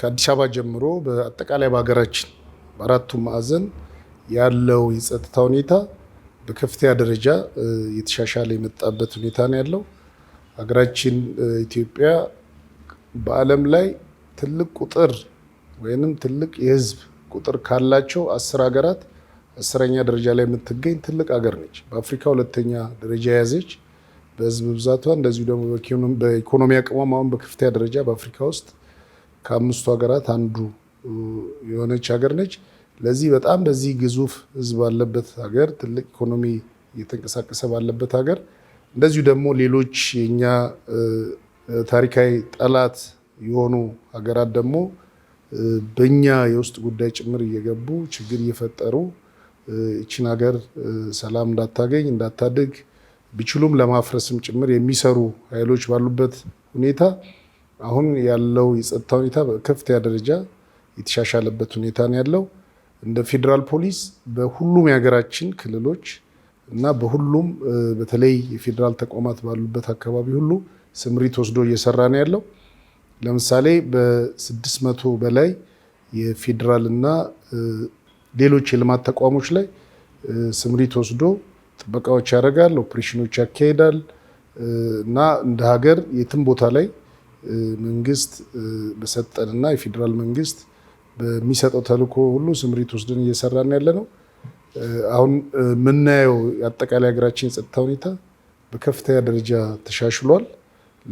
ከአዲስ አበባ ጀምሮ በአጠቃላይ በሀገራችን በአራቱ ማዕዘን ያለው የጸጥታ ሁኔታ በከፍተኛ ደረጃ የተሻሻለ የመጣበት ሁኔታ ነው ያለው። ሀገራችን ኢትዮጵያ በዓለም ላይ ትልቅ ቁጥር ወይንም ትልቅ የህዝብ ቁጥር ካላቸው አስር ሀገራት አስረኛ ደረጃ ላይ የምትገኝ ትልቅ ሀገር ነች። በአፍሪካ ሁለተኛ ደረጃ የያዘች በህዝብ ብዛቷ እንደዚሁ ደግሞ በኢኮኖሚ አቅሟም አሁን በከፍተኛ ደረጃ በአፍሪካ ውስጥ ከአምስቱ ሀገራት አንዱ የሆነች ሀገር ነች። ለዚህ በጣም በዚህ ግዙፍ ህዝብ ባለበት ሀገር ትልቅ ኢኮኖሚ እየተንቀሳቀሰ ባለበት ሀገር እንደዚሁ ደግሞ ሌሎች የኛ ታሪካዊ ጠላት የሆኑ ሀገራት ደግሞ በእኛ የውስጥ ጉዳይ ጭምር እየገቡ ችግር እየፈጠሩ ይችን ሀገር ሰላም እንዳታገኝ እንዳታድግ ቢችሉም ለማፍረስም ጭምር የሚሰሩ ኃይሎች ባሉበት ሁኔታ አሁን ያለው የጸጥታ ሁኔታ በከፍተኛ ደረጃ የተሻሻለበት ሁኔታ ነው ያለው። እንደ ፌዴራል ፖሊስ በሁሉም የሀገራችን ክልሎች እና በሁሉም በተለይ የፌዴራል ተቋማት ባሉበት አካባቢ ሁሉ ስምሪት ወስዶ እየሰራ ነው ያለው። ለምሳሌ በስድስት መቶ በላይ የፌዴራል እና ሌሎች የልማት ተቋሞች ላይ ስምሪት ወስዶ ጥበቃዎች ያደርጋል፣ ኦፕሬሽኖች ያካሄዳል እና እንደ ሀገር የትም ቦታ ላይ መንግስት በሰጠንና የፌዴራል መንግስት በሚሰጠው ተልዕኮ ሁሉ ስምሪት ወስደን እየሰራን ያለ ነው። አሁን የምናየው የአጠቃላይ ሀገራችን የጸጥታ ሁኔታ በከፍተኛ ደረጃ ተሻሽሏል።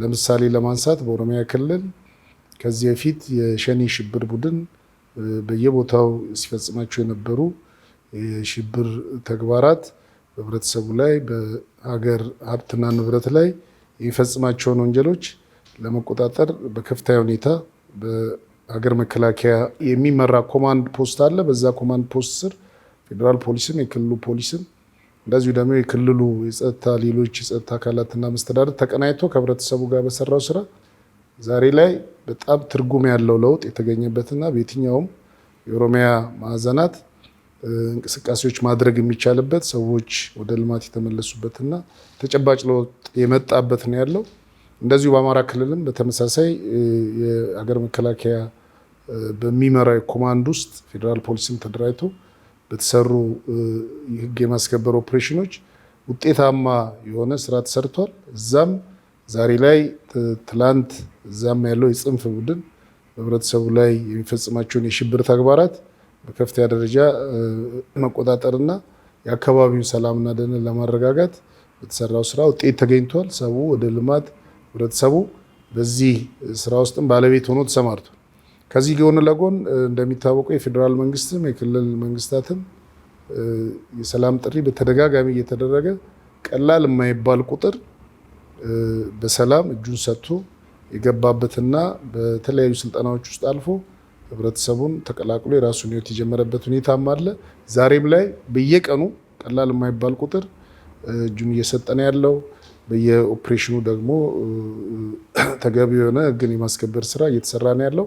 ለምሳሌ ለማንሳት በኦሮሚያ ክልል ከዚህ በፊት የሸኔ ሽብር ቡድን በየቦታው ሲፈጽማቸው የነበሩ የሽብር ተግባራት በህብረተሰቡ ላይ በሀገር ሀብትና ንብረት ላይ የሚፈጽማቸውን ወንጀሎች ለመቆጣጠር በከፍተኛ ሁኔታ በሀገር መከላከያ የሚመራ ኮማንድ ፖስት አለ። በዛ ኮማንድ ፖስት ስር ፌዴራል ፖሊስም የክልሉ ፖሊስም እንደዚሁ ደግሞ የክልሉ የጸጥታ ሌሎች የጸጥታ አካላትና መስተዳደር ተቀናይቶ ከህብረተሰቡ ጋር በሰራው ስራ ዛሬ ላይ በጣም ትርጉም ያለው ለውጥ የተገኘበትና በየትኛውም የኦሮሚያ ማዕዘናት እንቅስቃሴዎች ማድረግ የሚቻልበት ሰዎች ወደ ልማት የተመለሱበትና ተጨባጭ ለውጥ የመጣበት ነው ያለው። እንደዚሁ በአማራ ክልልም በተመሳሳይ የሀገር መከላከያ በሚመራ ኮማንድ ውስጥ ፌዴራል ፖሊስም ተደራጅቶ በተሰሩ ህግ የማስከበር ኦፕሬሽኖች ውጤታማ የሆነ ስራ ተሰርቷል። እዛም ዛሬ ላይ ትላንት እዛም ያለው የጽንፍ ቡድን በህብረተሰቡ ላይ የሚፈጽማቸውን የሽብር ተግባራት በከፍተኛ ደረጃ መቆጣጠርና የአካባቢውን ሰላምና ደህንን ለማረጋጋት በተሰራው ስራ ውጤት ተገኝቷል። ሰው ወደ ልማት ህብረተሰቡ በዚህ ስራ ውስጥም ባለቤት ሆኖ ተሰማርቶ ከዚህ ጎን ለጎን እንደሚታወቀው የፌዴራል መንግስትም የክልል መንግስታትም የሰላም ጥሪ በተደጋጋሚ እየተደረገ ቀላል የማይባል ቁጥር በሰላም እጁን ሰጥቶ የገባበትና በተለያዩ ስልጠናዎች ውስጥ አልፎ ህብረተሰቡን ተቀላቅሎ የራሱን ህይወት የጀመረበት ሁኔታም አለ። ዛሬም ላይ በየቀኑ ቀላል የማይባል ቁጥር እጁን እየሰጠነ ያለው በየኦፕሬሽኑ ደግሞ ተገቢ የሆነ ህግን የማስከበር ስራ እየተሰራ ነው ያለው።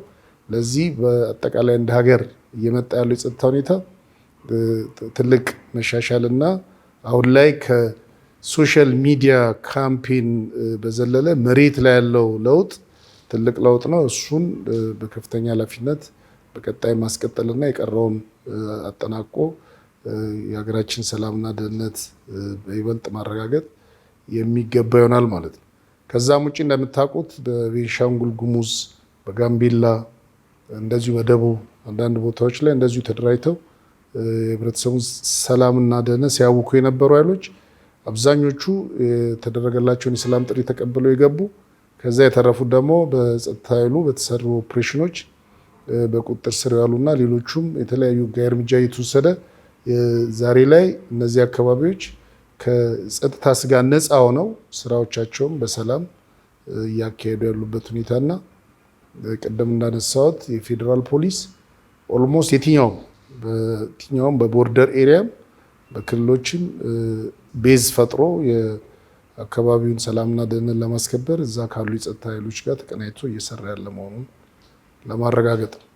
ለዚህ በአጠቃላይ እንደ ሀገር እየመጣ ያለው የጸጥታ ሁኔታ ትልቅ መሻሻል እና አሁን ላይ ከሶሻል ሚዲያ ካምፔን በዘለለ መሬት ላይ ያለው ለውጥ ትልቅ ለውጥ ነው። እሱን በከፍተኛ ኃላፊነት በቀጣይ ማስቀጠልና የቀረውን አጠናቆ የሀገራችን ሰላምና ደህንነት በይበልጥ ማረጋገጥ የሚገባ ይሆናል ማለት ነው። ከዛም ውጭ እንደምታውቁት በቤንሻንጉል ጉሙዝ፣ በጋምቤላ እንደዚሁ በደቡብ አንዳንድ ቦታዎች ላይ እንደዚሁ ተደራጅተው የህብረተሰቡን ሰላምና ደህንነት ሲያውኩ የነበሩ ኃይሎች አብዛኞቹ የተደረገላቸውን የሰላም ጥሪ ተቀብለው የገቡ ከዛ የተረፉት ደግሞ በጸጥታ ኃይሉ በተሰሩ ኦፕሬሽኖች በቁጥጥር ስር ያሉና ሌሎቹም የተለያዩ ጋ እርምጃ እየተወሰደ ዛሬ ላይ እነዚህ አካባቢዎች ከጸጥታ ስጋ ነፃ ሆነው ስራዎቻቸውን በሰላም እያካሄዱ ያሉበት ሁኔታና ቅድም እንዳነሳሁት የፌዴራል ፖሊስ ኦልሞስት የትኛውም በየትኛውም በቦርደር ኤሪያም በክልሎችም ቤዝ ፈጥሮ የአካባቢውን ሰላምና ደህንን ለማስከበር እዛ ካሉ የጸጥታ ኃይሎች ጋር ተቀናይቶ እየሰራ ያለ መሆኑን ለማረጋገጥ ነው።